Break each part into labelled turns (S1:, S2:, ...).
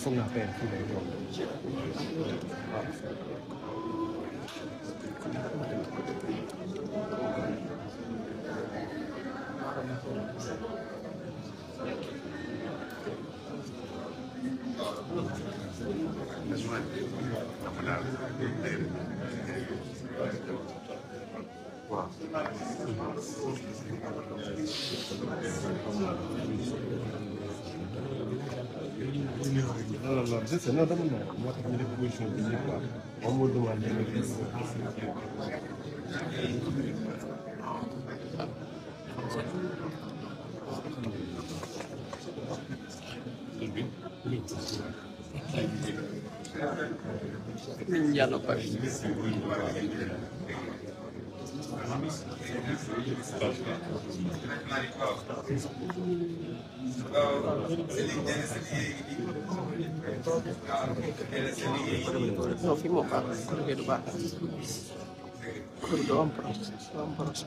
S1: som na p a n k i d e r Ez m a o w Нам обжиться надо много. Мы так не легко далеко. Он будет думать, Я на память. No, filmó para el bar. Kurdo Ampros. Ampros.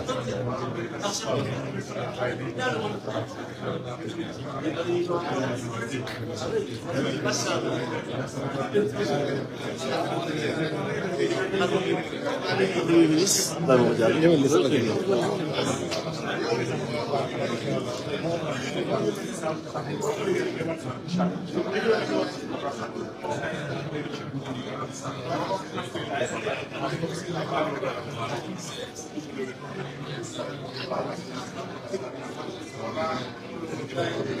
S1: Devam hocam. Evet, lütfen. すみません。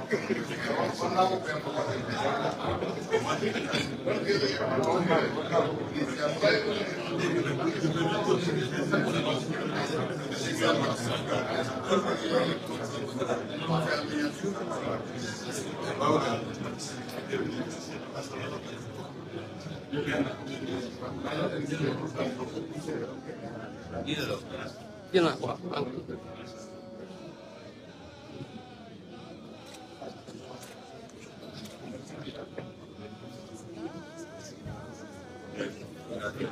S1: 进来过。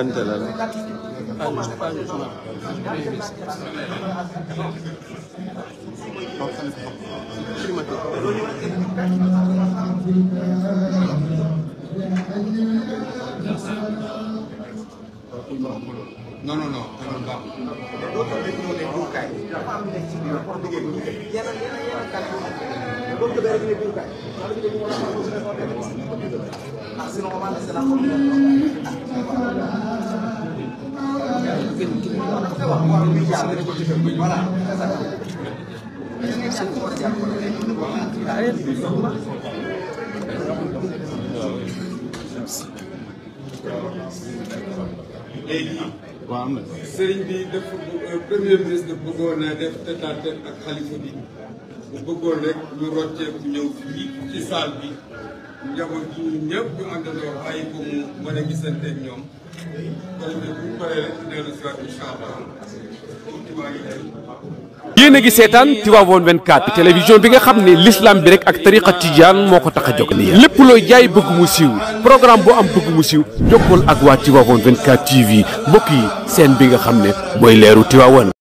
S1: frente la, non non non loolu baaxul. loolu tamit ñoo ne duukaay dafa am nekk ci biir wax dëgg yàlla yéen a yéen a kàddu yi boo jógee rek ne duukaay wala ñu ne ñu war a xool suñu xool rek ah sinon on va laisser la xool voilà. léegi waaw am na sëriñ bi def euh, premier ministre bëggoon na def tête à tête ak xalifa bu bëggoon rek ñu rocceeku ñëw fii ci salle bi njaboot gi ñu ñëpp ñu àndandoo bàyyi ko mu mën a gisanteeg ñoom kon bu paree rek ñu dellu si yéen a ngi seetaan Tivaouane 24 télévision bi nga xam ne lislaam bi rek ak tariqa tijaan moo ko tax a jóg lépp looy jaay bëgg mu siiw programme bu am bëgg mu siiw jokkool ak waa Tivaouane 24 TV mbokk yi seen bi nga xam ne mooy leeru Tivaouane